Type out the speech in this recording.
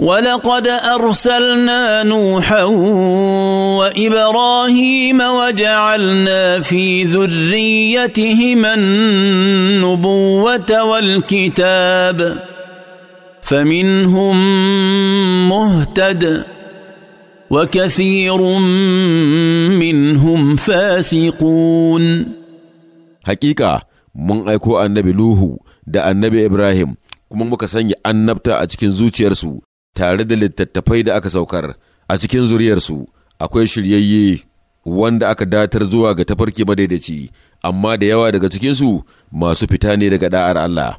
ولقد ارسلنا نوحا وابراهيم وجعلنا في ذريتهما النبوه والكتاب فمنهم مهتد وكثير منهم فاسقون حقيقه من اكو النبي لوه da النبي ابراهيم kuma muka sanya annabta a cikin zuciyarsu tare da littattafai da aka saukar a cikin zuriyarsu akwai shiryayye wanda aka datar zuwa ga tafarki madaidaici amma da yawa daga cikinsu masu fita ne daga da'ar Allah